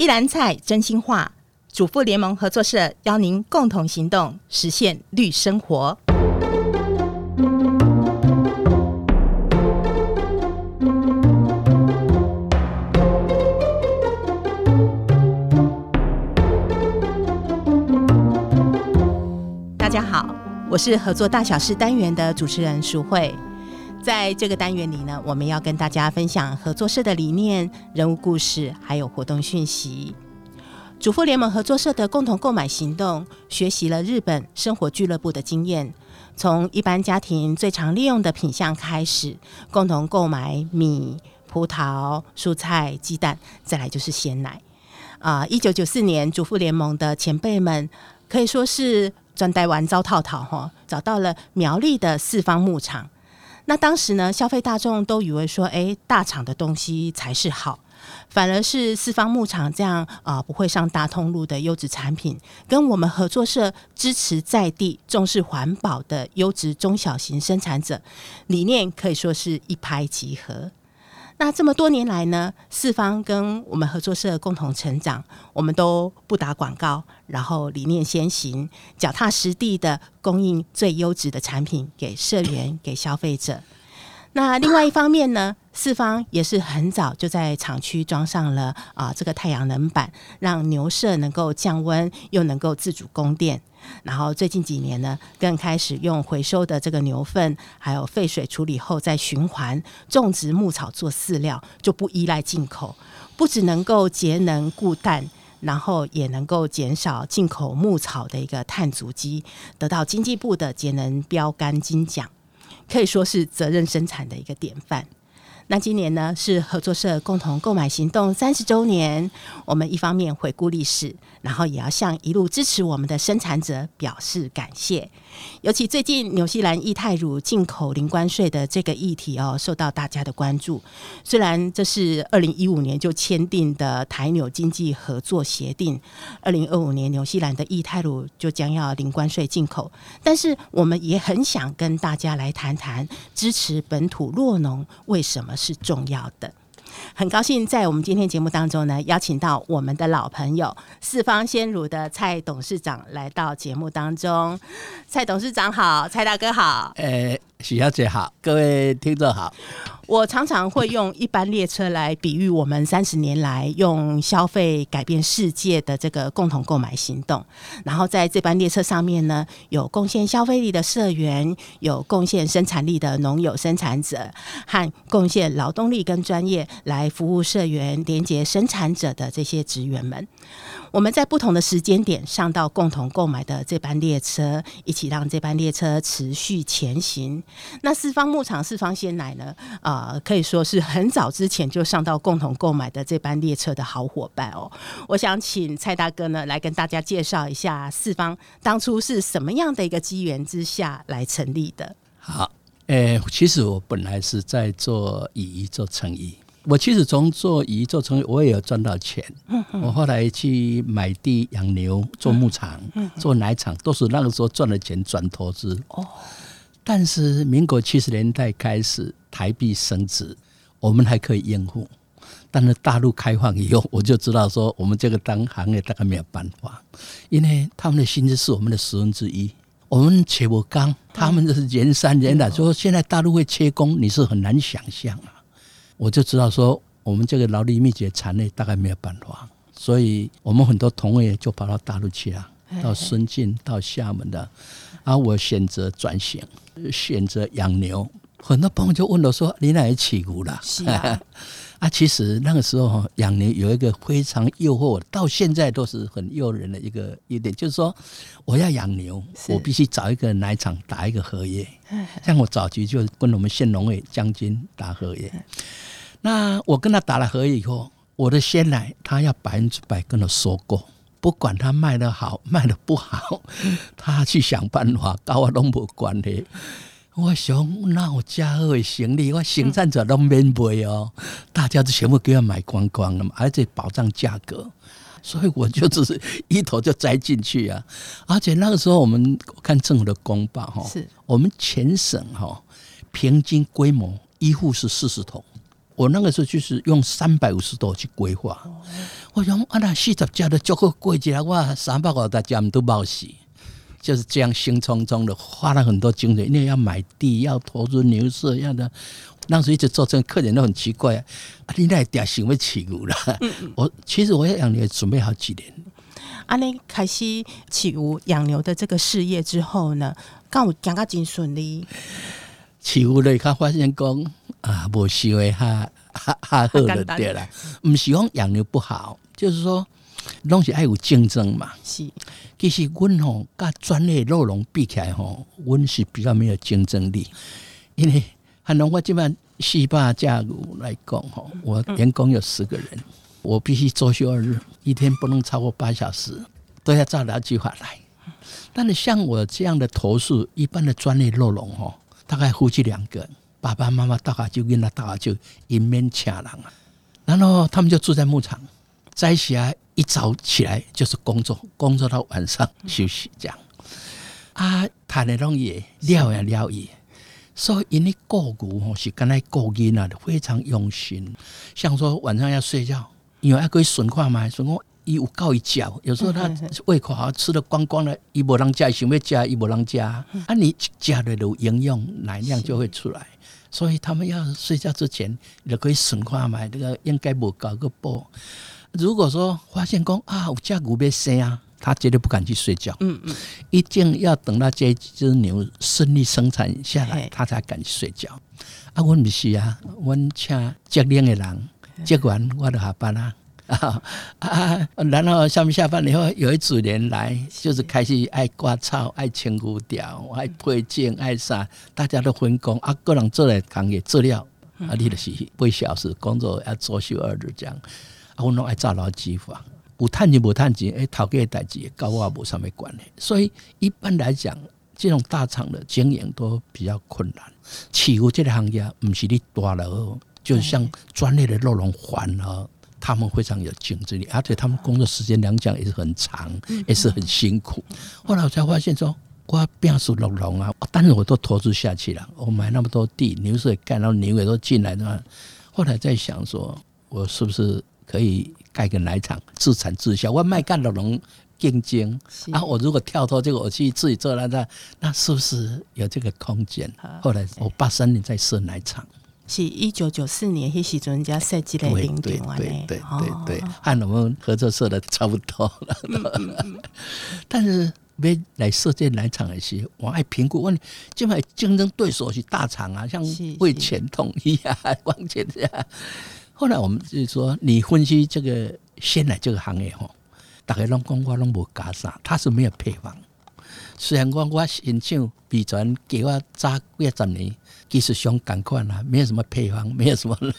一籃菜，真心話，主婦聯盟合作社邀您共同行動，實現綠生活。大家好，我是合作大小事單元的主持人淑慧。在這個單元裡呢，我們要跟大家分享合作社的理念、人物故事，還有活動訊息。主婦聯盟合作社的共同購買行動，學習了日本生活俱樂部的經驗。從一般家庭最常利用的品項開始，共同購買米、葡萄、蔬菜、雞蛋，再來就是鮮奶。啊、呃，一九九四年，主婦聯盟的前輩們可以說是專帶完糟套套，哈，找到了苗栗的四方牧場。那當時呢，消費大眾都以為說，哎，大廠的東西才是好，反而是四方牧場這樣啊，不會上大通路的優質產品，跟我們合作社支持在地、重視環保的優質中小型生產者理念，可以說是一拍即合。那這麼多年來呢，四方跟我們合作社共同成長，我們都不打廣告，然後理念先行，腳踏實地的供應最優質的產品給社員、 給消費者。那另外一方面呢，四方也是很早就在廠區裝上了啊這個太陽能板，讓牛舍能夠降溫，又能夠自主供電。然後最近幾年呢，更開始用回收的這個牛糞，還有廢水處理後再循環種植牧草做飼料，就不依賴進口，不只能夠節能固碳，然後也能夠減少進口牧草的一個碳足跡，得到經濟部的節能標杆金獎，可以說是責任生產的一個典範。那今年呢，是合作社共同購買行動三十周年，我們一方面回顧歷史，然後也要向一路支持我們的生產者表示感謝。尤其最近紐西蘭液態乳進口零關稅的這個議題哦，受到大家的關注。雖然這是二零一五年就簽訂的台紐經濟合作協定，二零二五年紐西蘭的液態乳就將要零關稅進口，但是我們也很想跟大家來談談支持本土酪農為什麼。是重要的，很高興在我們今天節目當中呢，邀請到我們的老朋友四方鮮乳的蔡董事長來到節目當中。蔡董事長好，蔡大哥好。呃、欸。許小姐好，各位聽眾好。我常常會用一班列車來比喻我們三十年來用消費改變世界的這個共同購買行動。然後在這班列車上面呢，有貢獻消費力的社員，有貢獻生產力的農友生產者，和貢獻勞動力跟專業來服務社員、連接生產者的這些職員們。我們在不同的時間點上到共同購買的這班列車，一起讓這班列車持續前行。那四方牧場、四方鮮奶呢？啊、呃，可以說是很早之前就上到共同購買的這班列車的好夥伴哦。我想請蔡大哥呢來跟大家介紹一下，四方當初是什麼樣的一個機緣之下來成立的。好，呃、欸，其實我本來是在做衣做成衣，我其實從做衣做成衣我也有賺到錢。嗯嗯，我後來去買地養牛、做牧場、嗯嗯嗯做奶廠，都是那個時候賺了錢轉投資哦。但是民國七十年代開始，台幣升值，我們還可以應付。但是大陸開放以後，我就知道說，我們這個當行業大概沒有辦法，因為他們的薪資是我們的十分之一，我們切不剛他們就是人山人海，說現在大陸會缺工，你是很難想象啊。我就知道說，我們這個勞力密集的產業大概沒有辦法，所以我們很多同業就跑到大陸去了，到深圳、到廈門的。嘿嘿啊，我選擇轉型，選擇養牛。很多朋友就問我說：“嗯、你哪裡起股了？”是啊， 啊，其實那個時候養牛有一個非常誘惑，到現在都是很誘人的一個一點，就是說我要養牛，我必須找一個奶場打一個合約。像我早期就跟我們縣農業將軍打合約、嗯。那我跟他打了合約以後，我的鮮奶他要百分之百跟我收購。不管他賣得好賣得不好，他去想辦法搞我都沒關係。我想那我嘉惠行李，我行善者都免賠哦，大家都全部都要買光光的嘛，而且保障價格，所以我就只是一頭就栽進去啊、嗯。而且那個時候我們看政府的公報哈，我們全省哈平均規模一戶是四十頭。我那個時候就是用三百五十多去規劃，我想啊，那四十家的交個規矩的三百個大家都冒死，就是這樣興沖沖的花了很多精力，因為要買地，要投資牛市一樣的。那時候一直做這，客人都很奇怪，啊、你那點起屋了？嗯嗯，我其實我也養牛，準備好幾年。阿，開始起屋養牛的這個事業之後呢，剛講到精神利，起屋的他發現工。啊，不是為哈哈他好了對啦，唔喜歡養牛不好，就是說東西要有競爭嘛。是，其實阮吼甲專業酪農比起來吼、喔，阮是比較沒有競爭力。因為漢農我這邊四方價格來講吼，我員工有十個人，嗯、我必須週休二日，一天不能超過八小時，都要照著計劃來。但是像我這樣的頭數，一般的專業酪農吼，大概夫妻兩個。爸爸媽媽大阿就跟他大阿就一面請人啊，然後他們就住在牧場，在下、啊、一早起來就是工作，工作到晚上休息這樣。啊，談那東西聊啊聊伊，所以因你過古是跟那過音啊，非常用心。像說晚上要睡覺，因為還可以損壞嘛，損我。一五高一腳，有時候他胃口好，吃得光光的，一無能加，他想要加，他人吃嗯啊、一無能加啊！你加的有營養奶量就會出來，所以他們要睡覺之前，你可以省快買這個應，應該無搞個包。如果說發現講啊，有只牛要生啊，他絕對不敢去睡覺。嗯嗯，一定要等到這一只牛順利生產下來，他才敢去睡覺啊！我唔是啊，我請接領的人接完，我就下班啦。啊、哦、啊！然後下面下班以後，有一組人來，就是開始愛刮草、愛清谷條、愛配件、愛啥，大家都分工，啊個人做來扛業資料，okay. 啊，你的是八小時工作要做休二日這樣。啊，我弄愛照老機房，有賺錢不賺錢，哎、欸，頭家的代志也跟我無啥物關係，所以一般來講，這種大廠的經營都比較困難。飼牛這個行業唔是你大了，就像專業的肉龍緩了。他們非常有競爭力，而、啊、且他們工作時間兩講也是很長，也是很辛苦。 後來我才發現說，我要數酪農啊，但是我都投資下去了，我買那麼多地，牛舍蓋，然後牛也都進來嘛。後來在想說，我是不是可以蓋個奶廠，自產自銷？我賣幹酪農競爭啊，我如果跳脫這個，我去自己做那個，那是不是有這個空間？後來我八三年再設奶廠。是一九九四年迄時陣，家設計來定點完的。對對對對對、哦，按、哦哦哦哦、我們合作社的差不多了、嗯嗯。 但是別來設計奶廠的時候，我愛評估。問，今賣競爭對手是大廠啊，像匯泉統一啊、光泉啊。後來我們就說，你分析這個鮮奶這個行業吼，大概攏講阮攏無加上，他是沒有配方。雖然講我先就比傳叫我早幾十年。其實，趕快啦！沒有什麼配方，沒有什麼。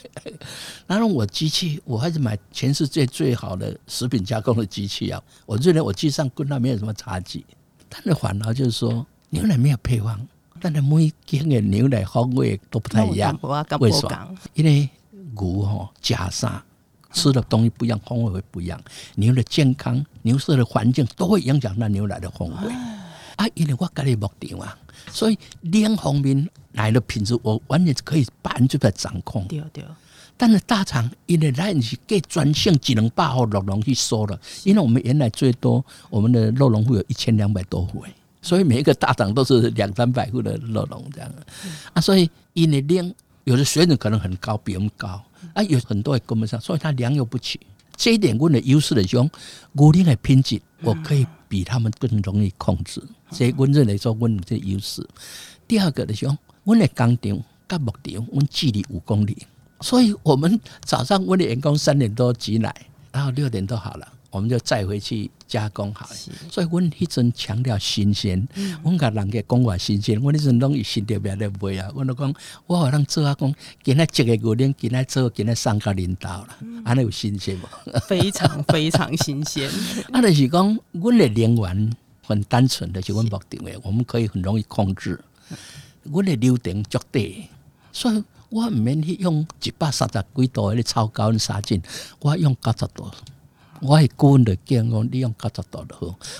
然後我機器，我還是買全世界最好的食品加工的機器啊！我認為我機上跟它沒有什麼差距。但是反而就是說，牛奶沒有配方，但是每一天的牛奶風味都不太一樣。為什麼？因為牛吼，加上吃的東西不一樣，風味會不一樣。牛的健康、牛舍的環境都會影響那牛奶的風味。啊，因為我家裡牧場啊，所以糧方面奶的品質，我完全可以百分之百掌控。對對。但是大廠，因為那是給專項技能把好酪農去收了。因為我們原來最多我們的酪農戶有一千兩百多戶，所以每一個大廠都是兩三百戶的酪農這樣。啊，所以因為糧有的水準可能很高，比我們高。啊，有很多也跟不上，所以他良莠不齊。這一點，我的優勢來講，我練的品質，我可以比他們更容易控制。所、嗯、以，這我這裡說，我有這優勢。第二個來講，我的工廠跟牧場，我距離五公里，所以我們早上我的員工三點多擠奶，然後六點多好了。我們就再回去加工好，所以阮一陣強調新鮮。阮、嗯、甲人家講話新鮮，阮一陣攏易新滴袂了。阮都講，我好讓做阿講今那一個月娘，給那做，今那三家到領導了，還、嗯、能有新鮮嗎？非常非常新鮮。那、 啊、是講，阮的乳源很單純、就是、的，是溫目的位，我們可以很容易控制。阮、嗯、的流程絕對，所以我唔免去用一百三十幾度的超高溫殺菌，我用九十度。外國的健康，利用高招到的，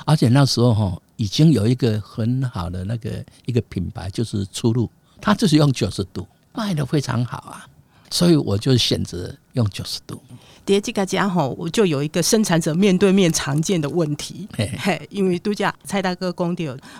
而且那時候哈已經有一個很好的那個一個品牌，就是“初鹿”，他就是用九十度賣的非常好啊，所以我就選擇。用九十度，個家我就有一個生產者面對面常見的問題。因為剛才蔡大哥公，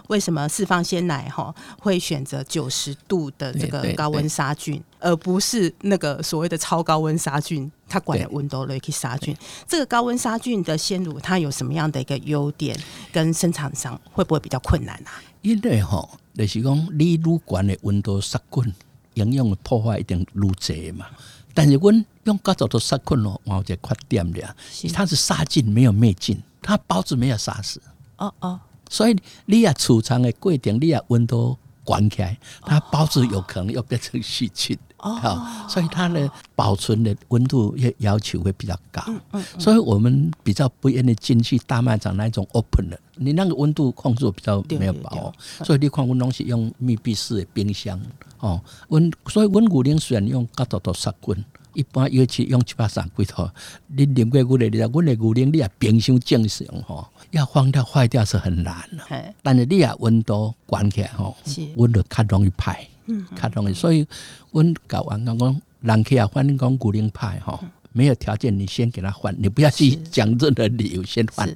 為什麼四方鮮奶哈會選擇九十度的這個高溫殺菌對對對，而不是那個所謂的超高溫殺菌？它管的溫度下去殺菌，這個高溫殺菌的鮮乳它有什麼樣的一個優點？跟生產商會不會比較困難、啊、因為哈，那、就是講你乳管的溫度殺菌，營養破壞一定愈濟嘛。但是，阮用高枕頭殺菌咯，阮就缺點的啊。它是殺菌沒有滅菌，它孢子沒有殺死。哦哦，所以你要儲藏的過程，你要溫度懸起來，它孢子有可能要變成細菌。哦哦哦哦、oh，所以它的保存的溫度要要求會比較高，嗯嗯嗯，所以我們比較不願意進去大賣場那種 open 的，你那個溫度控制比較沒有把握，所以你看，我們都是用密閉式的冰箱哦，溫所以溫牛奶雖然用高度多殺菌，一般尤其用七八十度，你啉過牛奶，你講，阮的牛奶你也冰箱正常哈。哦要放掉壞掉是很難的，但是你也溫度管起來吼，溫度較容易排，嗯、較容易，嗯、所以我我，我講我剛剛人去啊，歡迎講骨齡派哈，沒有條件，你先給他換，你不要去講任何理由先換，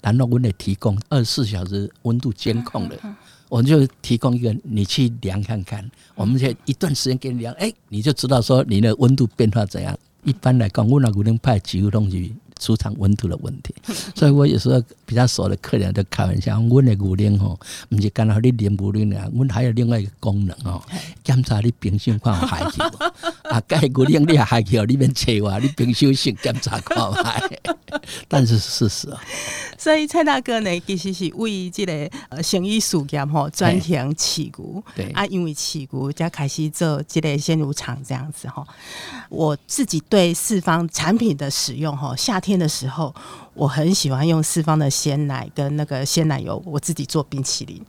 然後我們得提供二十四小時溫度監控的，我就提供一個你去量看看，嗯、我們先一段時間給你量，哎、欸，你就知道說你的溫度變化怎樣，一般來講，我那骨齡派幾乎都是出廠溫度的問題呵呵，所以我有時候。其他所有的客人在開玩笑，我的牛奶哦，不是剛好你啉牛奶啊，我還有另外一個功能哦，檢查你冰箱看有害的， 啊，該牛奶你還去哦，裡面測我，你冰箱先檢查看看，但是事實哦。所以蔡大哥呢，其實是為這個呃生意事業吼，專程起股，對，啊，因為起股才開始做這個鮮乳廠。這樣子哈。我自己對四方產品的使用哈，夏天的時候，我很喜歡用四方的。鮮奶跟那個鮮奶油，我自己做冰淇淋。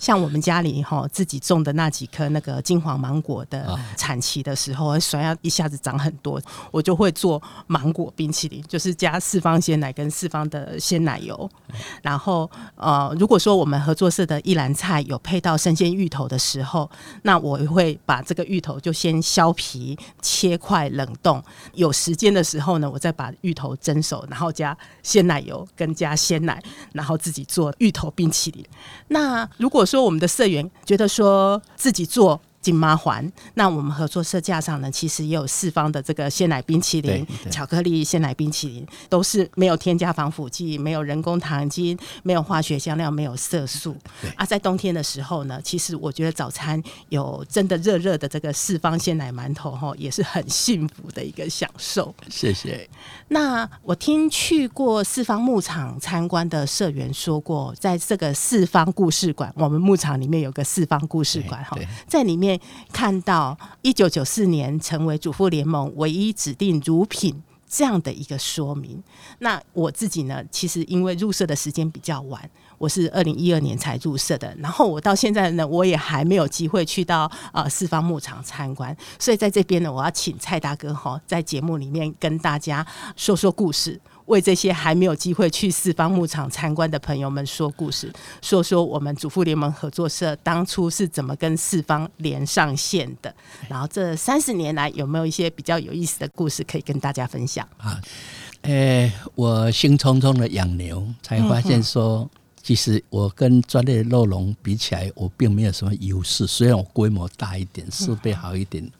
像我們家裡哈自己種的那幾顆那個金黃芒果的產期的時候，雖然一下子長很多，我就會做芒果冰淇淋，就是加四方鮮奶跟四方的鮮奶油。然後呃，如果說我們合作社的一籃菜有配到生鮮芋頭的時候，那我會把這個芋頭就先削皮切塊冷凍。有時間的時候呢，我再把芋頭蒸熟，然後加鮮奶油跟加鮮。奶，然後自己做芋頭冰淇淋。那如果說我們的社員覺得說自己做金麻環，那我們合作社架上呢，其實也有四方的這個鮮奶冰淇淋、巧克力鮮奶冰淇淋，都是沒有添加防腐劑、沒有人工糖精、沒有化學香料、沒有色素。啊，在冬天的時候呢，其實我覺得早餐有真的熱熱的這個四方鮮奶饅頭，哈，也是很幸福的一個享受。謝謝。那我聽去過四方牧場參觀的社員說過，在這個四方故事館，我們牧場裡面有個四方故事館，哈，在裡面。看到一九九四年成為主婦聯盟唯一指定乳品這樣的一個說明，那我自己呢，其實因為入社的時間比較晚，我是二零一二年才入社的，然後我到現在呢，我也還沒有機會去到呃四方牧場參觀，所以在這邊呢，我要請蔡大哥哈，在節目裡面跟大家說說故事。為這些還沒有機會去四方牧場參觀的朋友們說故事，說說我們主婦聯盟合作社當初是怎麼跟四方連上線的，然後這三十年來有沒有一些比較有意思的故事可以跟大家分享啊？誒、欸，我興沖冲的養牛，才發現說，其、嗯、實我跟專業的酪農比起來，我並沒有什麼優勢。雖然我規模大一點，設備好一點，嗯，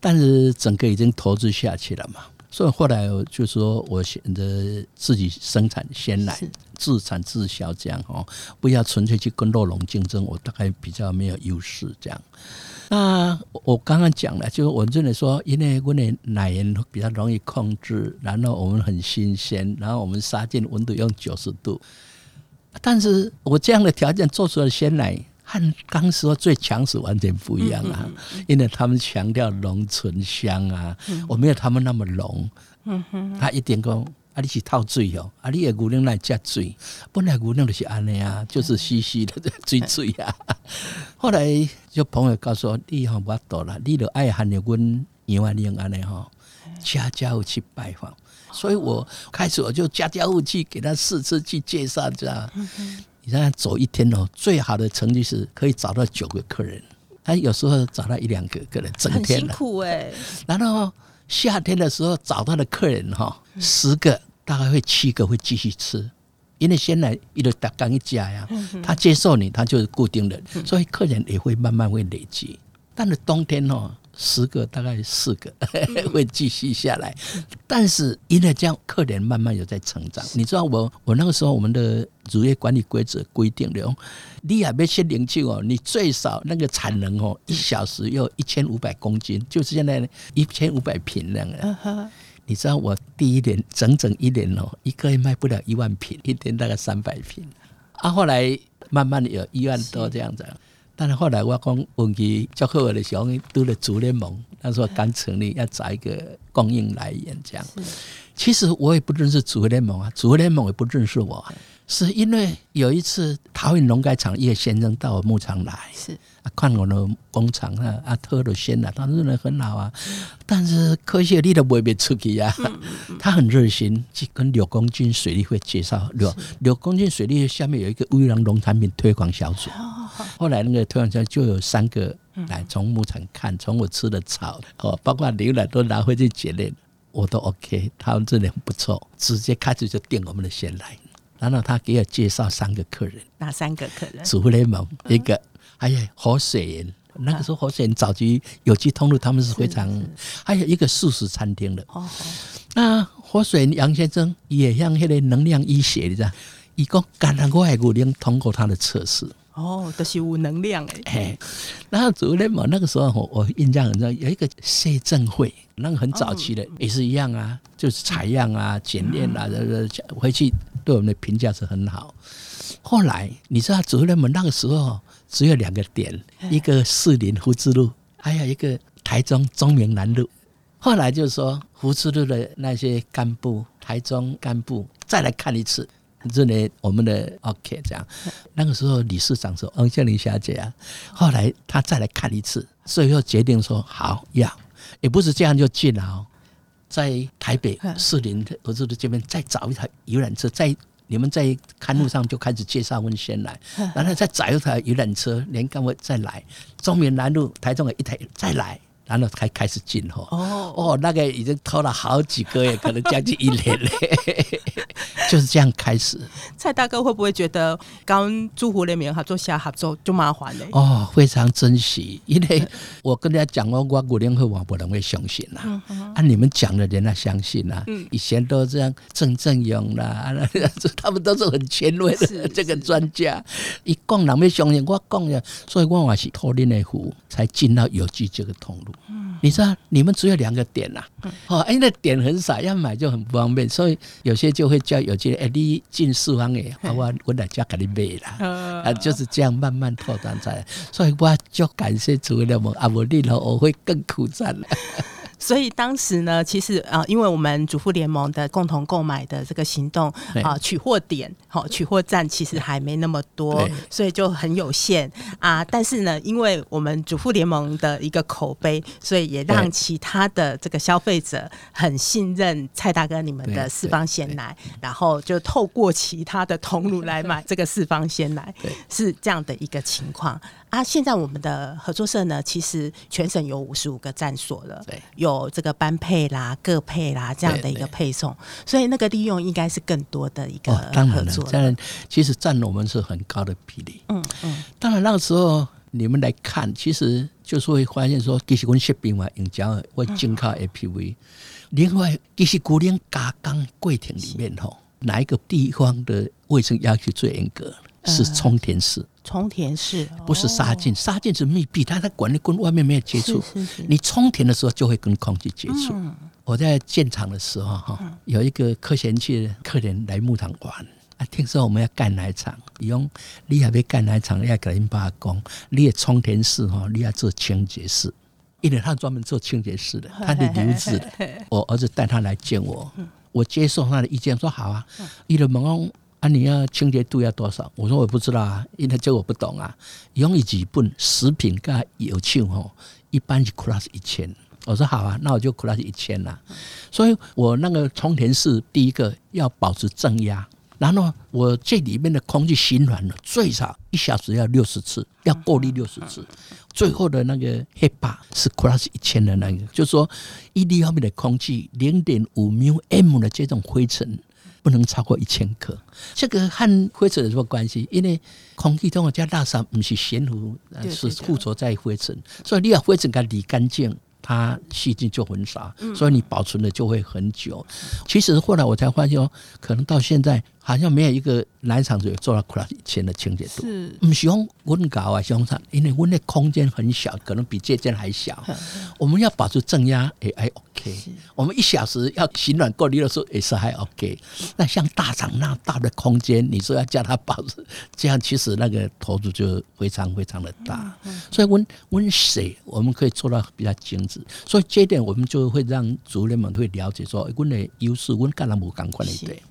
但是整個已經投資下去了嘛。所以後來就說，我選擇自己生產鮮奶，自產自銷這樣哦，不要純粹去跟酪農競爭，我大概比較沒有優勢這樣。那我剛剛講了，就是我真的說，因為我的奶源比較容易控制，然後我們很新鮮，然後我們殺菌溫度用九十度，但是我這樣的條件做出來的鮮奶。和當時說最強是完全不一樣啊，嗯嗯嗯，因為他們強調濃醇香啊、嗯，我沒有他們那麼濃。嗯哼，他一定講啊，你是套嘴哦，啊，你也姑娘來接嘴，本來姑娘就是安尼啊、嗯，就是稀稀的醉醉、嗯、啊、嗯。後來就朋友告訴我，你哈無法度啦，你若愛喊着你滾啊、喔，你用安尼哈，家家戶去拜訪、嗯，所以我開始我就家家戶去給他試吃去介紹，知、嗯、道。你這樣走一天哦，最好的成績是可以找到九個客人，他有時候找到一兩個客人，整天辛苦哎，欸。然後夏天的時候找到的客人哈，十個大概會七個會繼續吃，因為先來一個剛一加呀，他接受你，他就是固定的，所以客人也會慢慢會累積。但是冬天哦。十個大概四個 會繼續下來，但是因為這樣，客人慢慢有在成長。你知道我我那個時候我們的乳業管理規則規定了，你還沒去領取哦，你最少那個產能哦，一小時要一千五百公斤，就是現在一千五百瓶那樣。Uh -huh. 你知道我第一年整整一年哦，一個月賣不了一萬瓶，一天大概三百瓶啊。後來慢慢的有一萬多這樣子。但是後來我講問佢，最後我咧想，拄咧主婦聯盟，他說剛成立，要找一個供應來源，這樣。其實我也不認識主婦聯盟啊，主婦聯盟也不認識我，啊，是因為有一次桃園農改場葉先生到我牧場來，是啊，看我的工廠啊，啊，特了鮮了，他人很好啊，但是科學力都袂賣出去啊，嗯嗯，他很熱心，去跟瑠公圳水利會介紹，瑠瑠公圳水利會下面有一個烏龍農產品推廣小組。哎哦、後來那個突然間就有三個來，從牧場看，從、嗯嗯、我吃的草哦、喔，包括牛奶都拿回去檢驗，我都 OK。他們質量不錯，直接開始就訂我們的鮮奶。然後他給我介紹三個客人，哪三個客人？主婦聯盟一個，嗯、還有活水人、嗯。那個時候活水人早期有機通路，他們是非常是是。還有一個素食餐廳的。哦，那活水楊先生也像那個能量醫學的，你知道，一共幹兩過外國人通過他的測試。哦，都、就是無能量哎！哎，那主婦聯盟那個時候，我印象很深，有一個謝政會，那個很早期的，嗯、也是一樣啊，就是採樣啊、檢驗啊，呃、嗯，就是，回去對我們的評價是很好。後來你知道主婦聯盟那個時候只有兩個點，一個士林福志路，還有一個台中中明南路。後來就是說福志路的那些幹部，台中幹部再來看一次。這裡我們的 OK 這樣，那個時候理事長說：“溫 先林小姐啊。”後來他再來看一次，最後決定說好：“好要也不是這樣就進了哦、喔，在台北士林合作的這邊再找一台遊覽車，在你們在刊物上就開始介紹問先來，然後再找一台遊覽車，連干位再來中民南路台中的一台再來。”然後才開始進貨哦哦，那個已經拖了好幾個月， 可能將近一年嘞， 就是這樣開始。蔡大哥會不會覺得跟主婦聯盟那邊合作下合作就麻煩了？哦，非常珍惜，因為我跟大家講過，我五年後我不能會相信啦、啊嗯。啊，你們講的人啊，相信啦、啊。嗯，以前都這樣，鄭正勇啦，啊、嗯，他們都是很前衛的這個專家。一講難，沒相信，我講呀，所以我還是托您的福才進到有機這個通路。你知道，你們只有兩個點啊。哦，因為，那點很少，要買就很不方便，所以有些就會叫有些人，哎、欸，你進四方哎、啊，我我來叫給你賣啦，哦、啊，就是這樣慢慢拓展出來，所以我就感謝主了嘛，阿彌陀佛，我會更苦戰。所以當時呢，其實啊，因為我們主婦聯盟的共同購買的這個行動啊，取貨點、好取貨站其實還沒那麼多，所以就很有限啊。但是呢，因為我們主婦聯盟的一個口碑，所以也讓其他的這個消費者很信任蔡大哥你們的四方鮮奶，然後就透過其他的通路來買這個四方鮮奶，是這樣的一個情況。那、啊、現在我們的合作社呢，其實全省有五十五個站所了對，有這個班配啦、各配啦這樣的一個配送，所以那個利用應該是更多的一個、哦。當然了，當然，其實佔了我們是很高的比例。嗯嗯，當然那個時候你們來看，其實就是會發現說，其實我們士兵嘛，用腳會進口 APV，另外這些姑娘，加工櫃田裡面吼，哪一個地方的衛生要求最嚴格是、呃？是充填室。充填室，不是殺菌，殺、哦、菌是密閉，他在管裡跟外面沒有接觸。你充填的時候就會跟空氣接觸、嗯。我在建廠的時候哈、嗯，有一個科學界的客人來牧場玩啊，聽說我們要蓋奶廠，用你害蓋奶廠要搞淋巴你列充填室哈，列要做清潔室，因為他專門做清潔室的，嗯、他是留子的，的。我兒子帶他來見我，我接受他的意見說好啊，因為某。那、啊、你要清潔度要多少？我說我不知道啊，因為這我不懂啊。用日本食品界有稱哦，一般就 class 一千。我說好啊，那我就 class 一千了。所以我那個充填室第一個要保持正壓，然後我這裡面的空氣循環了，最少一小時要六十次，要過濾六十次。最後的那個 HEPA 是 class 一千的那個，就是說一立方米的空氣零點五繆 m 的這種灰塵，不能超過一千克，這個和灰塵有什麼關係？因為空氣中的這些垃圾，不是懸浮，是附着在灰塵，所以你要灰塵給它理乾淨，它細菌就很少，所以你保存的就會很久，嗯。其實後來我才發現哦，可能到現在好像沒有一個南廠子做到庫一千的清潔度。是，喜歡溫高啊，喜歡啥？因為溫的空間很小，可能比這間還小，嗯。我們要保持正壓，哎哎。對我們一小時要取暖過濾的時候也是還 OK，那像大廠那樣大的空間，你說要叫他保持這樣，其實那個投入就非常非常的大。嗯嗯、所以溫溫水我們可以做到比較精緻，所以這一點我們就會讓族人們會了解說，溫的優勢溫乾了無乾官的對。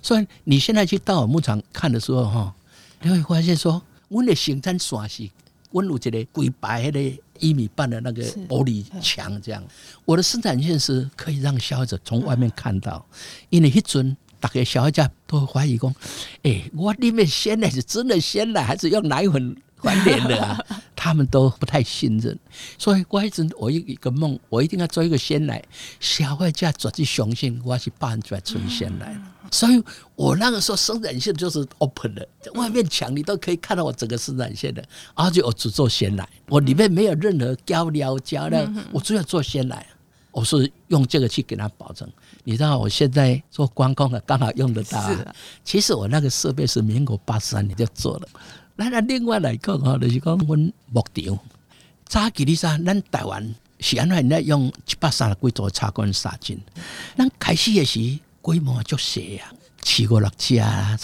所以你現在去到我牧場看的時候哈，你會發現說，溫的生產線是溫有一個鬼白的、那個。一米半的那個玻璃牆，這樣我的生產線是可以讓消費者從外面看到，因為一尊大概消費者都會懷疑說：哎，我裡面鮮奶是真的鮮奶，還是用奶粉？關聯的啊， 他們都不太信任，所以我一直我有一個夢，我一定要做一個鮮奶。小外家做的雄性，我要去出來純鮮奶，嗯。所以我那個時候生產線就是 open 的，外面牆你都可以看到我整個生產線的。而且我只做鮮奶，我裡面沒有任何膠料膠料，我主要做鮮奶。我是用這個去給他保證。你知道，我現在做觀光剛好用得到啊。其實我那個設備是民國八十三年就做了。那那另外來講哈，就是講我們牧場，早幾年噻，咱台灣是安怎用一百三十幾度插管殺菌？咱開始也是規模就小啊，七五六架啊，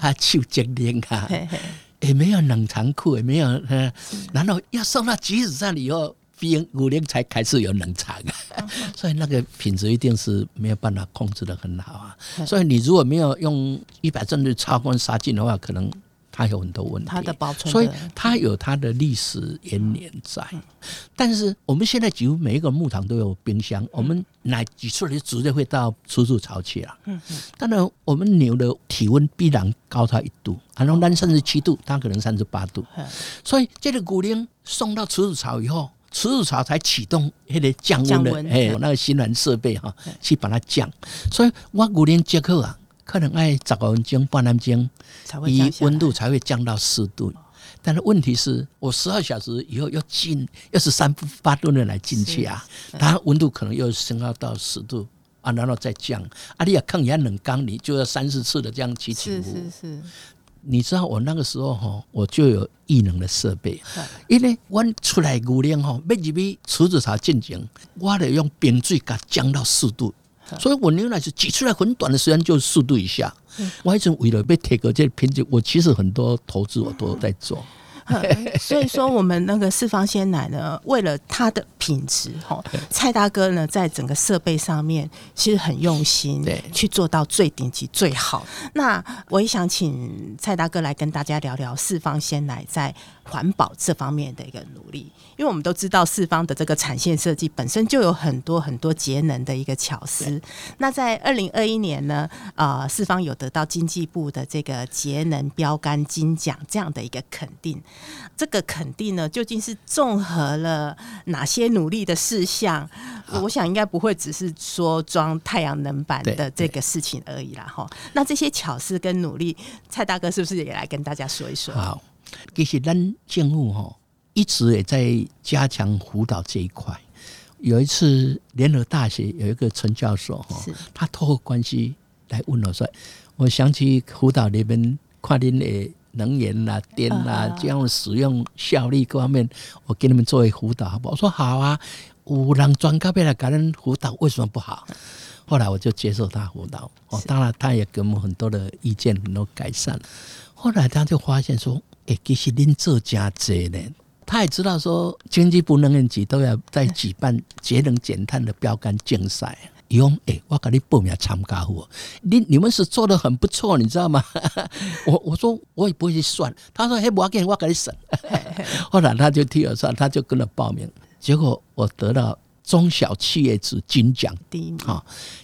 啊，超精煉啊，也沒有冷藏庫，也沒有、啊，然後要送到集市上以後，邊五年才開始有冷藏， 所以那個品質一定是沒有辦法控制得很好啊。所以你如果沒有用一百正度插管殺菌的話，可能。它有很多問題，的所以它有它的歷史延年在。但是我們現在幾乎每一個牧場都有冰箱，我們奶擠出來就直接會到儲乳槽去了。嗯嗯。當然，我們牛的體溫必然高它一度，可能三十七度，它可能三十八度。所以這個古齡送到儲乳槽以後，儲乳槽才啟動那些降溫的那個新冷設備哈，去把它降。所以我古齡結合啊。可能要十五分鐘半分鐘，以溫度才會降到四度。哦、但是問題是，我十二小時以後要進，要是三十八度的來進去啊，它溫度可能又升高到十度啊，然後再降啊。你要抗壓冷缸，你就要三四次的這樣去重複。是是是，你知道我那個時候哈，我就有異能的設備，因為我出來五娘哈，每幾杯除子茶進晶，我得用冰水給降到四度。所以，我牛奶是擠出來很短的時間就速度以下一下。我還是為了拿到這個品質，我其實很多投資我都在做。嗯嗯。所以說，我們那個四方鮮奶呢， 為了它的品質，蔡大哥呢，在整個設備上面其實很用心，去做到最頂級最好。那我也想請蔡大哥來跟大家聊聊四方鮮奶在，環保這方面的一個努力，因為我們都知道四方的這個產線設計本身就有很多很多節能的一個巧思。那在二零二一年呢，啊、呃，四方有得到經濟部的這個節能標竿金獎這樣的一個肯定。這個肯定呢，究竟是綜合了哪些努力的事項？我想應該不會只是說裝太陽能板的這個事情而已啦。哈，那這些巧思跟努力，蔡大哥是不是也來跟大家說一說？好。其實咱政府哈，一直也在加強輔導這一塊。有一次，聯合大學有一個陳教授哈，他透過關係來問我說：“我想去輔導裡面你們，跨年呃能源啦、啊、電啦、啊、這樣使用效率各方面，我給你們作為輔導。”我說：“好啊，有人專家為了給人輔導，為什麼不好？”後來我就接受他輔導。哦，當然他也給我們很多的意見，很多改善。後來他就發現說。誒、欸，其實恁做家做呢，他也知道說，經濟部能源局都要在舉辦節能減碳的標桿競賽，用 誒、欸，我給你報名參加乎，你你們是做的很不錯，你知道嗎？ 我我說我也不會去算，他說嘿，不、欸、要我跟你省。 後來他就替我算，他就跟着報名，結果我得到中小企業組金獎第一名。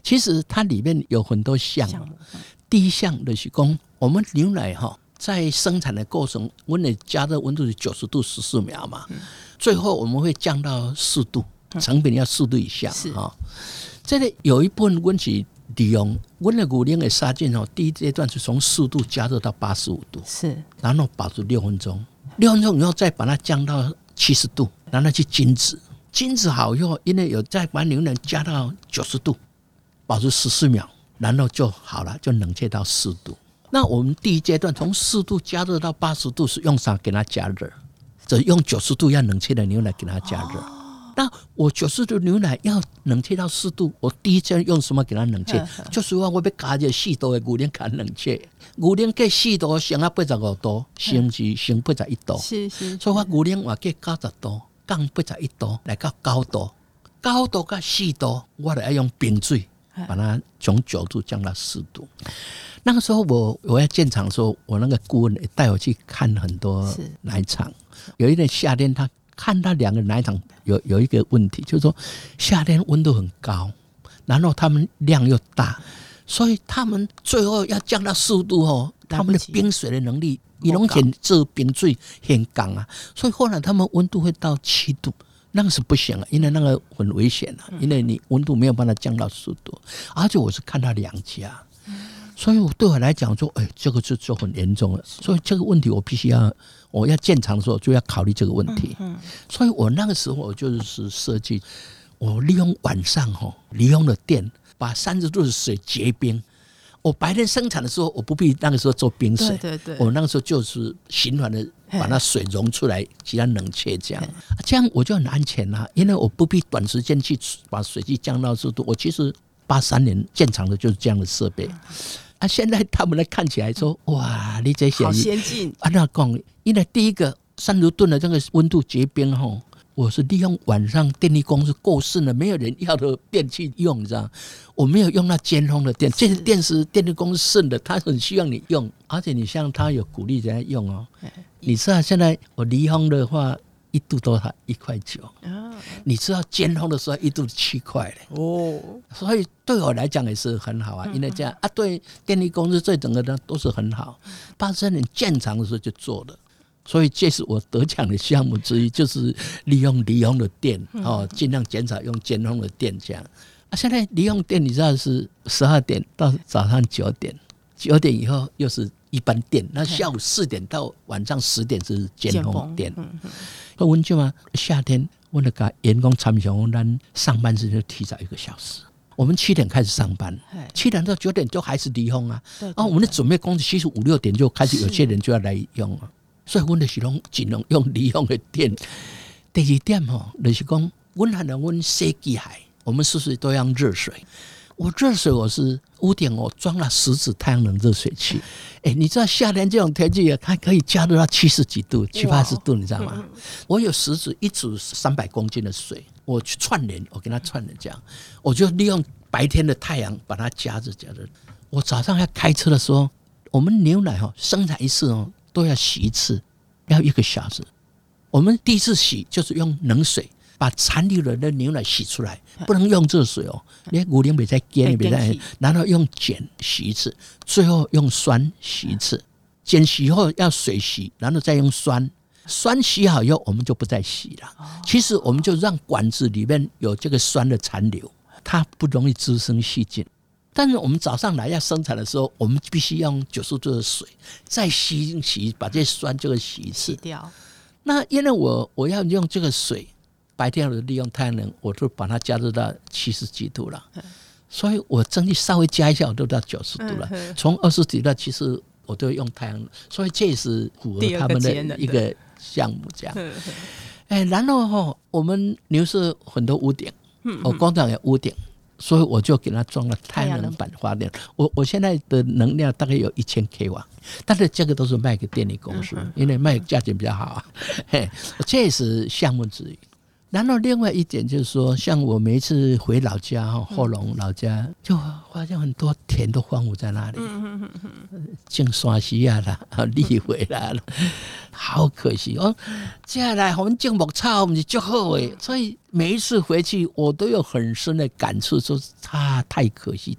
其實它裡面有很多項、嗯，第一項就是講我們牛奶哈。在生產的過程，溫的加熱溫度是九十度十四秒嘛，嗯？最後我們會降到四度，成品要四度以下，嗯是哦，這裡有一部分溫體利用溫的股料給殺菌哦。第一階段是從四度加熱到八十五度，是，然後保持六分鐘，六分鐘以後再把它降到七十度，然後去靜止，靜止好以後，因為有再把牛奶加到九十度，保持十四秒，然後就好了，就冷卻到四度。那我們第一階段從四度加熱到八十度是用啥給它加熱？這用九十度要冷卻的牛奶給它加熱，哦。那我九十度牛奶要冷卻到四度，我第一階段用什麼給它冷卻？ 就是話我，我要加熱四度的牛奶給它冷卻，牛奶給四度，度，升到八十五度，甚至升八十一度。是是，所以話牛奶我要加十度，降八十一度，來到九度，九度到四度，我得要用冰水。把它從九度降到四度。那個時候我，我我要建廠的時候，我那個顧問帶我去看很多奶廠。有一天夏天他，他看他兩個奶廠有有一個問題，就是說夏天溫度很高，然後他們量又大，所以他們最後要降到四度哦。他們的冰水的能力也容易做冰水很幹啊，所以後來他們溫度會到七度。那個是不行啊，因為那個很危險啊，因為你溫度沒有辦法降到四度，而且我是看到兩家，所以對我來講說，哎，這個就就很嚴重了，所以這個問題我必須要，我要建廠的時候就要考慮這個問題，所以我那個時候我就是設計，我利用晚上哈，利用了電把三十度的水結冰。我白天生產的時候，我不必那個時候做冰水，對對對，我那個時候就是循環的把那水融出來，讓它冷卻這樣，這樣我就很安全啦、啊，因為我不必短時間去把水去降到這度。我其實八三年建廠的就是這樣的設備，嗯、啊，現在他們來看起來說、嗯、哇，你這先進啊，那講，因為第一個三十噸的這個溫度結冰哈。我是利用晚上電力公司過剩了，沒有人要的電器用，你知道我沒有用那尖峰的電，這些電是電力公司剩的，他很需要你用，而且你像他有鼓勵人家用哦、喔。你知道現在我離峰的話一度多少？一塊九，你知道尖峰的時候一度七塊哦，所以對我來講也是很好啊，因為這樣啊，對電力公司這整個的都是很好。八三年建廠的時候就做了。所以這是我得獎的項目之一，就是利用離峰的電哦，盡量減少用尖峰的電這樣。啊，現在離峰電，你知道是十二點到早上九點，九點以後又是一般電。那下午四點到晚上十點就是尖峰電。嗯嗯。那、嗯嗯、我們就夏天我們的員工早上上班時間提早一個小時，我們七點開始上班，七點到九點就還是離峰啊。對對對啊，我們的準備工作其實五六點就開始，有些人就要來用了。所以，我是用只能用利用的電。第二點哈，你是講溫熱的溫設計還，我們是不是都用熱水？我熱水我是屋頂，我裝了十組太陽能熱水器。誒、欸，你知道夏天這種天氣它可以加熱到七十幾度、七八十度，你知道嗎？我有十組一組三百公斤的水，我去串聯，我跟它串聯這樣，我就利用白天的太陽把它加熱加熱。我早上要開車的時候，我們牛奶哦、喔、生產一次哦、喔。都要洗一次，要一個小時。我們第一次洗就是用冷水把殘留的牛奶洗出來，不能用熱水哦、喔，因為乳釘在裡面。然後用鹼洗一次，最後用酸洗一次。鹼洗後要水洗，然後再用酸。酸洗好以後，我們就不再洗了。其實我們就讓管子裡面有這個酸的殘留，它不容易滋生細菌。但是我們早上來要生產的時候，我們必須用九十度的水再洗一洗，把這些酸就會洗一次、嗯、洗掉。那因為我我要用這個水，白天我利用太陽能，我就把它加熱到七十幾度了、嗯。所以我蒸汽稍微加一下，我都到九十度了。從二十幾度其實我都用太陽能，所以這也是符合他們的一個項目。這樣，哎、嗯欸，然後哈、喔，我們牛市很多屋頂，哦、喔，工廠有屋頂。嗯嗯嗯所以我就給他裝了太陽能板發電。我我現在的能量大概有一千 k 瓦，但是這個都是賣給電力公司，因為賣價錢比較好啊。嘿，這是項目之一。然後另外一點就是說，像我每一次回老家，霍龍老家，就發現很多田都荒蕪在那裡，進雙西啊啦，了立回來了，好可惜哦。接下來們進不差，我們就足好哎，所以每一次回去，我都有很深的感觸，說、啊、差太可惜。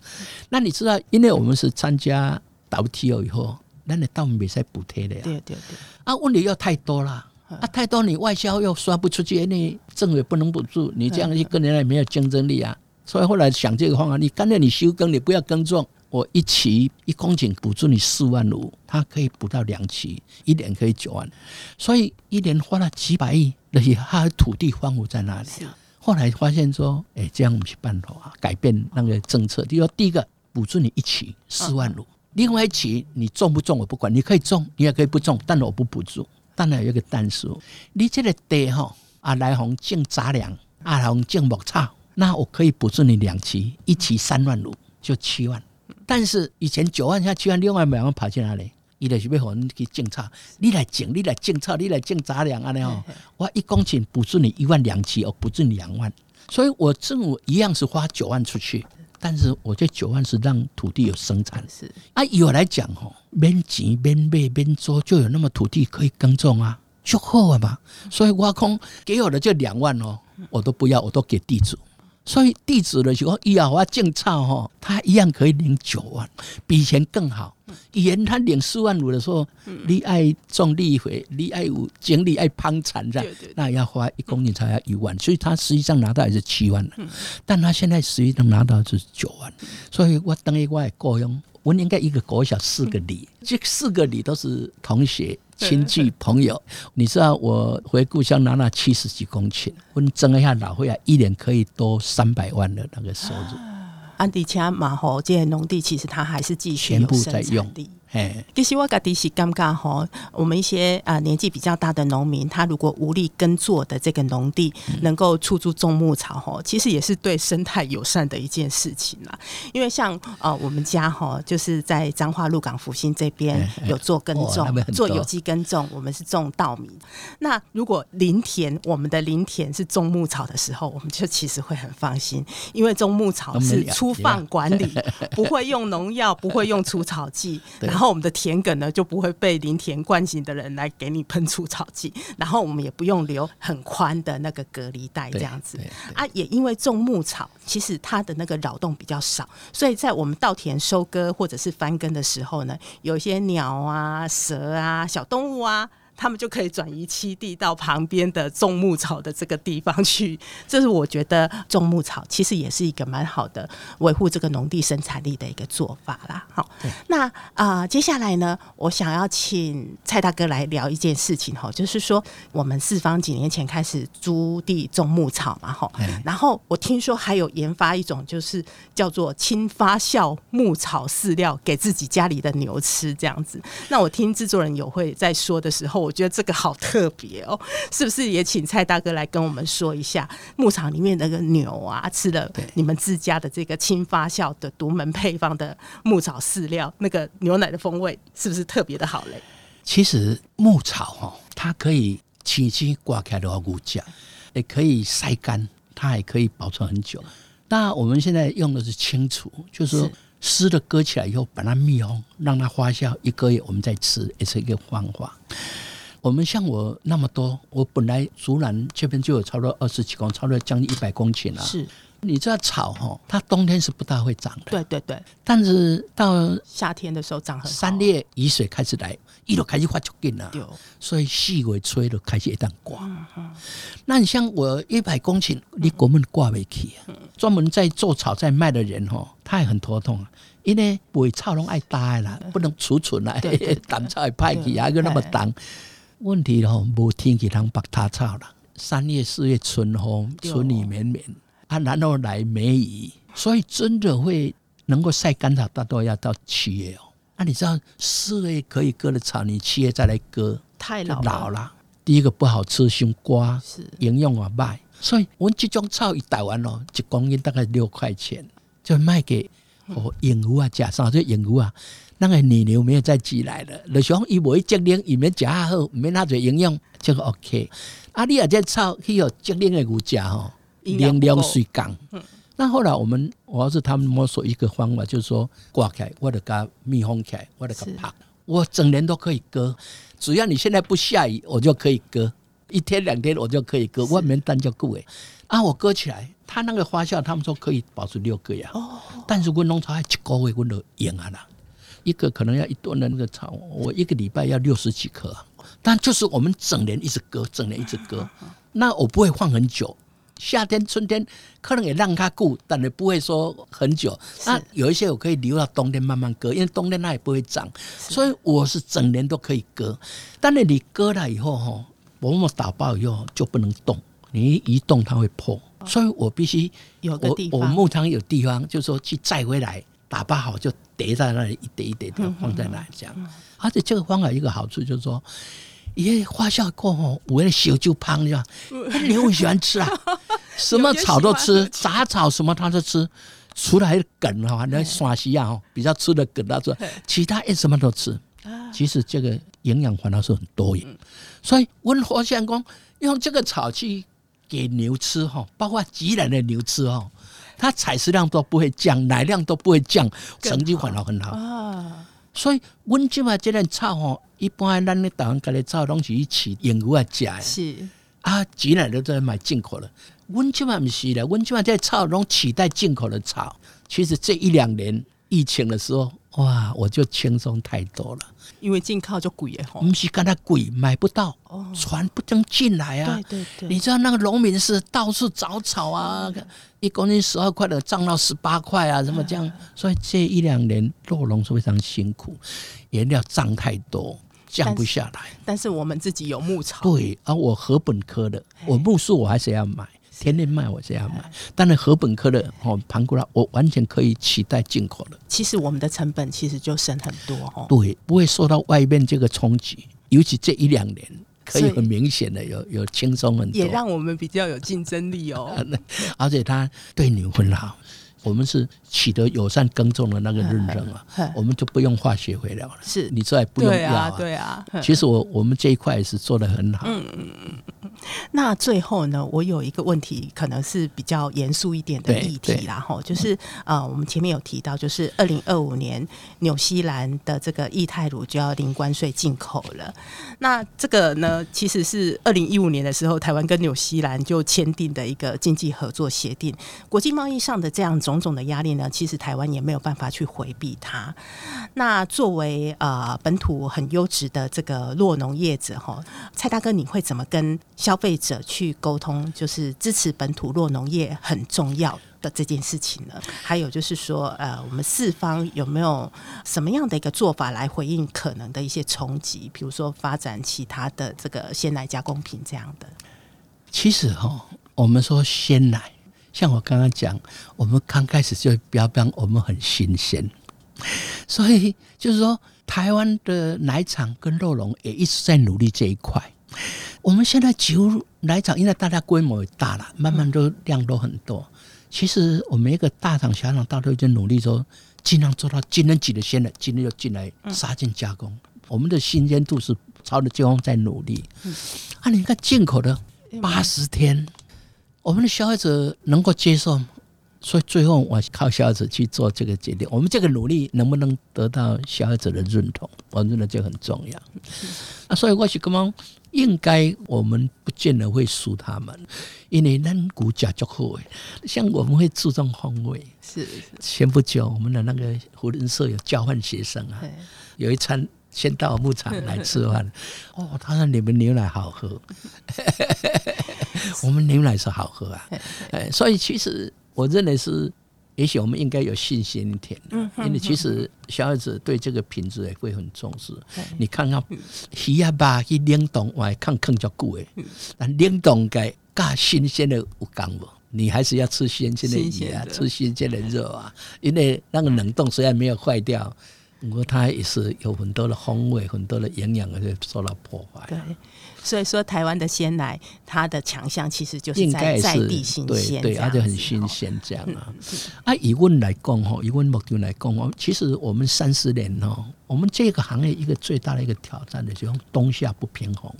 那你知道，因為我們是參加導 T O 以後，那你到沒在補貼的呀？對對對。啊，問題要太多了。啊，太多，你外銷又刷不出去，你政府也不能補助你，這樣一個年來沒有競爭力啊。 所以後來想這個方法，你乾脆你休耕，你不要耕種，我一期一公頃補助你四萬五，他可以補到兩期，一年可以九萬，所以一年花了幾百億，那些他的土地荒蕪在那裡，啊？後來發現說，哎、欸，這樣不是辦法，啊，改變那個政策。就說第一個補助你一期四萬五，另外一期你種不種我不管，你可以種，你也可以不種，但是我不補助。單有一個單數，你這個地哈，阿、啊、來紅種雜糧，阿、啊、來紅種牧草，那我可以補助你兩期，一期三萬五，就七萬。但是以前九萬，現在七萬，另外兩萬跑去哪裡？伊來是要去種草，你來種，你來種草，你來種雜糧啊、喔？我一公頃補助你一萬兩期，補助你兩萬，所以我政府一樣是花九萬出去。但是我這九萬是讓土地有生產，是啊，以我來講吼，邊種邊賣邊做就有那麼土地可以耕種啊，就夠了嘛。所以挖空給我的這兩萬哦、喔，我都不要，我都給地主。所以弟子的時候，伊要花淨差哈，他一樣可以領九萬，比以前更好。以前他領四萬五的時候，你愛種地肥，你愛五，你有經理愛攀產的，那要花一公斤才要一萬、嗯，所以他實際上拿到也是七萬、啊嗯、但他現在實際上拿到就是九萬、嗯，所以我等於我也夠用，我應該一個國小四個裡，這四個裡都是同學。親戚朋友， 你知道我回故鄉拿了七十幾公頃，我爭一下拿回來，一年可以多三百萬的那個收入。安迪加馬河這些農地，其實他還是繼續全部在用。哎，其實我感覺是，感覺哈，我們一些啊年紀比較大的農民，他如果無力耕作的這個農地，能夠出租種牧草哈，其實也是對生態友善的一件事情啦。因為像啊我們家哈，就是在彰化鹿港福興這邊有做耕種、欸欸哦，做有機耕種，我們是種稻米。那如果林田，我們的林田是種牧草的時候，我們就其實會很放心，因為種牧草是粗放管理，不會用農藥，不會用除草劑， 然後。然後我們的田埂呢，就不會被鄰田慣行的人來給你噴除草劑，然後我們也不用留很寬的那個隔離帶這樣子。啊，也因為種牧草，其實它的那個擾動比較少，所以在我們稻田收割或者是翻耕的時候呢，有一些鳥啊、蛇啊、小動物啊。他們就可以轉移棲地到旁邊的種牧草的這個地方去，這是我覺得種牧草其實也是一個蠻好的維護這個農地生產力的一個做法啦。好、嗯，那啊、呃，接下來呢，我想要請蔡大哥來聊一件事情哈，就是說我們四方幾年前開始租地種牧草嘛哈、嗯，然後我聽說還有研發一種就是叫做輕發酵牧草飼料給自己家裡的牛吃這樣子。那我聽制作人有會在說的時候。我覺得這個好特別哦，是不是也請蔡大哥來跟我們說一下牧場裡面那個牛啊，吃了你們自家的這個輕發酵的獨門配方的牧草飼料，那個牛奶的風味是不是特別的好嘞？其實牧草哈、喔，它可以輕輕刮開的話，骨架也可以曬乾，它還可以保存很久。那我們現在用的是青儲，就是說濕的割起來以後，把它密封，讓它發酵一個月，我們再吃，也是一個方法。我們像我那麼多，我本來竹南這邊就有超過二十幾公，超過將近一百公頃了、啊。是，你知道草哈，它冬天是不大會長的。對對對。但是到、嗯、夏天的時候長很好。三月雨水開始來，一路開始發就勁了。有、嗯。所以細尾吹了，開始一旦刮。嗯，嗯那你像我一百公頃，你國門刮未起啊？專、嗯、門在做草在賣的人哈，他也很頭痛啊。因、嗯、為草龍愛大啦，不能儲存啊，長、嗯、草愛派去，還要那麼長。問題咯、喔，無天氣通，拔大草啦。三月、四月春風，春風春雨綿綿啊，然後來梅雨，所以真的會能夠曬乾草，大多要到七月哦、喔。那、啊、你知道四月可以割的草，你七月再來割，太老了。第一個不好吃，像瓜是，營養也歹。所以我們這種草一袋、喔，完了，一公斤大概六塊錢，就賣給哦，鹽湖啊，假上就鹽湖啊。那個泥牛沒有再寄來了。那時候伊袂結冰，伊免食下好，沒那嘴營養，這個 OK。啊，你也在炒，伊、那個、有結冰的牛吃吼，涼涼水缸、嗯。那後來我們，我是他們摸索一個方法，就是說掛起來，我得給密封起來，我得給拍，我整年都可以割。只要你現在不下雨，我就可以割一天兩天，我就可以割外面單就夠誒。啊，我割起來，它那個發酵，他們說可以保持六個月、哦。但如果農超還一個月，我就贏了。一個可能要一噸的那個草，我一個禮拜要六十幾顆。但就是我們整年一直割，整年一直割，那我不會放很久。夏天、春天可能也讓它固，但也不會說很久。那有一些我可以留到冬天慢慢割，因為冬天它也不會長，所以我是整年都可以割。但是你割了以後哈，我們打包以後就不能動，你一動它會破，所以我必須我有個地方，我牧場有地方，就是說去載回來。打包好就疊在那裡，一疊一疊的放在那裡這樣、嗯嗯。而且這個方法有一個好處就是說，一發酵過後，為了修就胖呀。牛喜歡吃啊， 什麼草都吃，雜草什麼它都吃，除了還有梗哈，那陝、個、西啊比較粗的梗，它說其他一、嗯、什麼都吃。其實這個營養反倒是很多元。嗯、所以溫和相公用這個草去給牛吃哈，包括濟南的牛吃哈。它採食量都不會降，奶量都不會降，成績反而很好，好啊。所以溫基嘛，這類草吼，一般咱的們台灣這類草東西去用國外加，是啊，自然都買在買進口的。溫基嘛不是的，溫基嘛在草中取代進口的草，其實這一兩年疫情的時候。哇，我就輕鬆太多了，因為進口就貴，我們是乾那貴買不到，哦、船不能進來啊。對對對，你知道那個農民是到處找草啊，對對對，一公斤十二塊的漲到十八塊啊，什麼這樣，啊、所以這一兩年酪農，是非常辛苦，原料漲太多降不下來但但是我們自己有牧草。對啊，我禾本科的，我苜蓿我還是要買。天天賣我這樣賣，但是禾本科的哦，盤古拉我完全可以取代進口的。其實我們的成本其實就省很多哦。對，不會受到外面這個衝擊，尤其這一兩年可以很明顯的有、嗯、有輕鬆很多，也讓我們比較有競爭力哦。 而且他對你很好，我們是取得友善耕種的那個認證啊、嗯嗯嗯，我們就不用化學肥料了。是，你再不用藥、啊啊啊，對啊。其實我我們這一塊是做得很好。嗯嗯嗯。那最後呢，我有一個問題，可能是比較嚴肅一點的議題啦，吼，就是啊、呃，我們前面有提到，就是二零二五年紐西蘭的這個液態乳就要零關稅進口了。那這個呢，其實是二零一五年的時候，台灣跟紐西蘭就簽訂的一個經濟合作協定。國際貿易上的這樣種種的壓力呢，其實台灣也沒有辦法去回避它。那作為啊、呃，本土很優質的這個酪農業者，哈，蔡大哥，你會怎麼跟？消費者去溝通，就是支持本土酪農業，很重要的這件事情呢？還有就是說，呃，我們四方有沒有什麼樣的一個做法，來回應可能的一些衝擊？比如說發展其他的這個鮮奶加工品這樣的。其實哈，我們說鮮奶，像我剛剛講，我們剛開始就標榜我們很新鮮，所以就是說，台灣的奶廠跟酪農也一直在努力這一塊。我們現在就來講，因為大家規模也大了，慢慢都量都很多。嗯、其實我們一個大廠、小廠，大家都已經努力說，說盡量做到今天擠的鮮的，今天就進來殺菌、加工、嗯。我們的新鮮度是朝着前方在努力。嗯、啊，你看進口的八十天、嗯，我們的消費者能夠接受，所以最後我靠消費者去做這個決定。我們這個努力能不能得到消費者的認同，我認為就很重要、嗯。啊，所以我去剛剛。應該我們不見得會輸他們，因為那骨架就厚味。哎。像我們會注重風味，是，是前不久我們的那個胡仁社有交換學生啊，是是有一餐先到牧場來吃飯， 哦，他說你們牛奶好喝， 是 我們牛奶是好喝啊，哎，所以其實我認為是。也許我們應該有信心一點，因為其實小孩子對這個品質也會很重視。嗯、你看看，嗯、魚啊吧，一、嗯、冷凍我還看更加貴誒。那冷凍的加新鮮的無講你還是要吃新鮮的魚、啊、新的吃新鮮的肉、啊嗯、因為那個冷凍雖然沒有壞掉。我它也是有很多的風味，很多的營養，而且受到破壞。對，所以說台灣的鮮奶，它的強項其實就是在在地新鮮，這樣。啊，啊以，以問來共吼，以問目的來共。我其實我們三十年我們這個行業一個最大的一個挑戰的就是冬夏不平衡，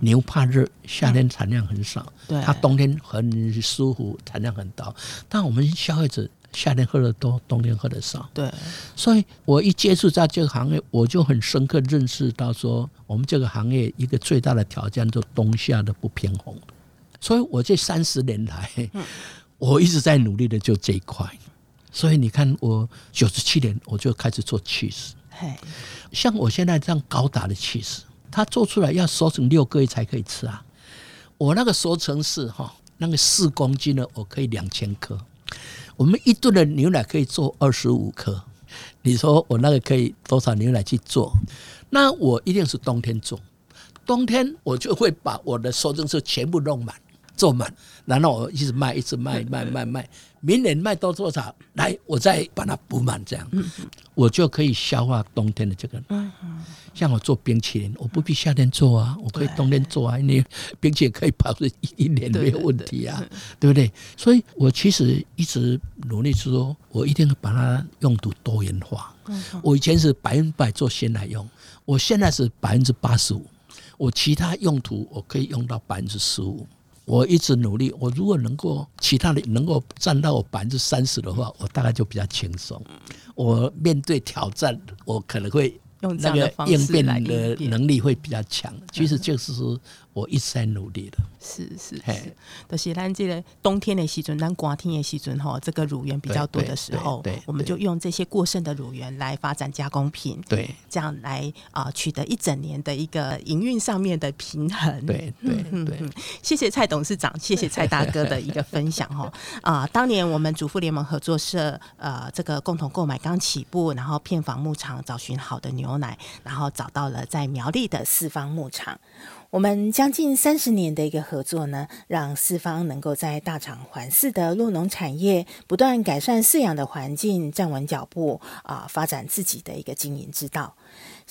牛怕熱，夏天產量很少，它冬天很舒服，產量很高。但我們消費者。夏天喝的多，冬天喝的少。對，所以我一接觸在這個行業，我就很深刻認識到說，我們這個行業一個最大的挑戰就是冬夏的不平衡。所以我這三十年來，嗯，我一直在努力的就這一塊。所以你看，我九十七年我就開始做 cheese，像我現在這樣高達的 cheese，它做出來要熟成六個月才可以吃啊。我那個熟成是哈，那個四公斤的我可以兩千克。我們一噸的牛奶可以做二十五克，你說我那個可以多少牛奶去做？那我一定是冬天做，冬天我就會把我的收政策全部弄滿，做滿，然後我一直賣，一直賣，賣賣賣，明年賣到多少來，我再把它補滿，這樣我就可以消化冬天的這個。像我做冰淇淋，我不必夏天做啊，嗯、我可以冬天做啊。因為冰淇淋可以保持一年沒有問題啊對，對不對？所以我其實一直努力說，說我一定要把它用途多元化，嗯嗯。我以前是百分百做鮮奶用，我現在是百分之八十五，我其他用途我可以用到百分之十五。我一直努力，我如果能夠其他的能夠占到我百分之三十的話，我大概就比較輕鬆。嗯、我面對挑戰，我可能會。那個應變的能力會比較強，其實就是說。我一生努力了，是是是，都是當、就是、這個冬天的時陣，咱寒天的時陣哈，這個乳源比較多的時候，對對對對，我們就用這些過剩的乳源來發展加工品，對，這樣來啊、呃、取得一整年的一個營運上面的平衡。對對對，對 謝謝蔡董事長，謝謝蔡大哥的一個分享哈。啊、 呃，當年我們主婦聯盟合作社呃，這個共同購買剛起步，然後片房牧場找尋好的牛奶，然後找到了在苗栗的四方牧場。我們將近三十年的一個合作呢，讓四方能夠在大廠環伺的酪農產業，不斷改善飼養的環境，站穩腳步啊，發展自己的一個經營之道。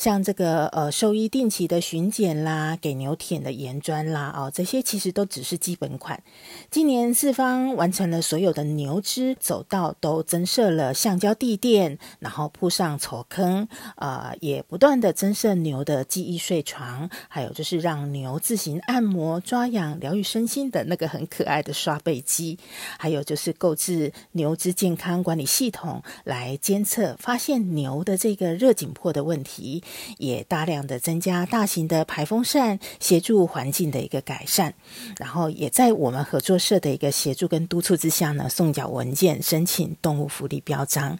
像這個呃，獸醫定期的巡檢啦，給牛舔的鹽磚啦，哦，這些其實都只是基本款。今年四方完成了所有的牛隻走道都增設了橡膠地墊，然後鋪上草坑，啊、呃，也不斷地增設牛的記憶睡床，還有就是讓牛自行按摩、抓癢、療癒身心的那個很可愛的刷背機，還有就是購置牛隻健康管理系統來監測，發現牛的這個熱緊迫的問題。也大量的增加大型的排風扇，協助環境的一個改善。然後也在我們合作社的一個協助跟督促之下呢，送繳文件申請動物福利標章。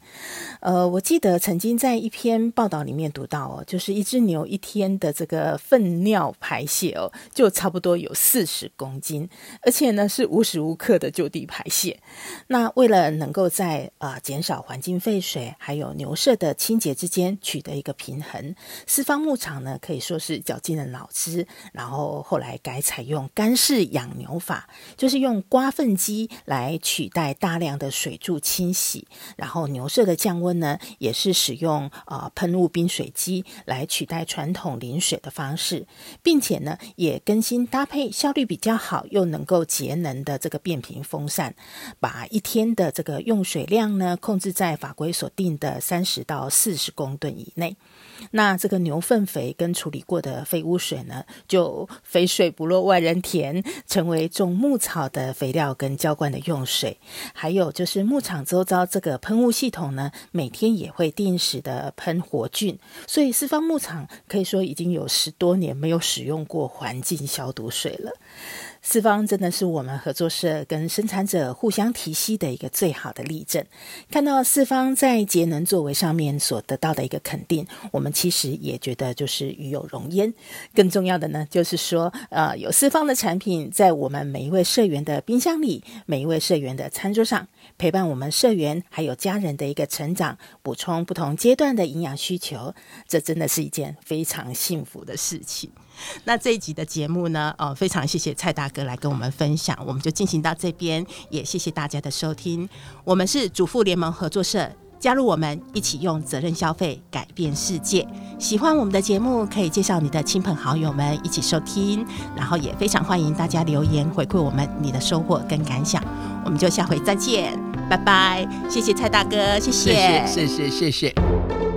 呃，我記得曾經在一篇報道裡面讀到哦，就是一隻牛一天的這個糞尿排泄哦，就差不多有四十公斤，而且呢是無時無刻的就地排泄。那為了能夠在啊、呃、減少環境廢水，還有牛舍的清潔之間取得一個平衡。四方牧場呢，可以說是絞盡了腦汁，然後後來改採用乾式養牛法，就是用刮糞機來取代大量的水柱清洗，然後牛舍的降溫呢，也是使用呃噴霧冰水機來取代傳統淋水的方式，並且呢，也更新搭配效率比較好又能夠節能的這個變頻風扇，把一天的這個用水量呢控制，在法規所定的三十到四十公噸以內。那這個牛糞肥跟處理過的廢污水呢，就肥水不落外人田，成為種牧草的肥料跟澆灌的用水。還有就是牧場周遭這個噴霧系統呢，每天也會定時的噴活菌，所以四方牧場可以說已經有十多年沒有使用過環境消毒水了。四方真的是我們合作社跟生產者互相提攜的一個最好的例證。看到四方在節能作為上面所得到的一個肯定，我們其實也覺得就是與有榮焉。更重要的呢，就是說，呃，有四方的產品在我們每一位社員的冰箱裡，每一位社員的餐桌上。陪伴我們社員，還有家人的一個成長，補充不同階段的營養需求，這真的是一件非常幸福的事情。那這一集的節目呢，哦，非常謝謝蔡大哥來跟我們分享，我們就進行到這邊，也謝謝大家的收聽。我們是主婦聯盟合作社。加入我們一起用責任消費改變世界。喜歡我們的節目，可以介紹你的親朋好友們一起收聽。然後也非常歡迎大家留言回饋我們你的收穫跟感想。我們就下回再見，拜拜！謝謝蔡大哥，謝謝，謝謝，謝謝。謝謝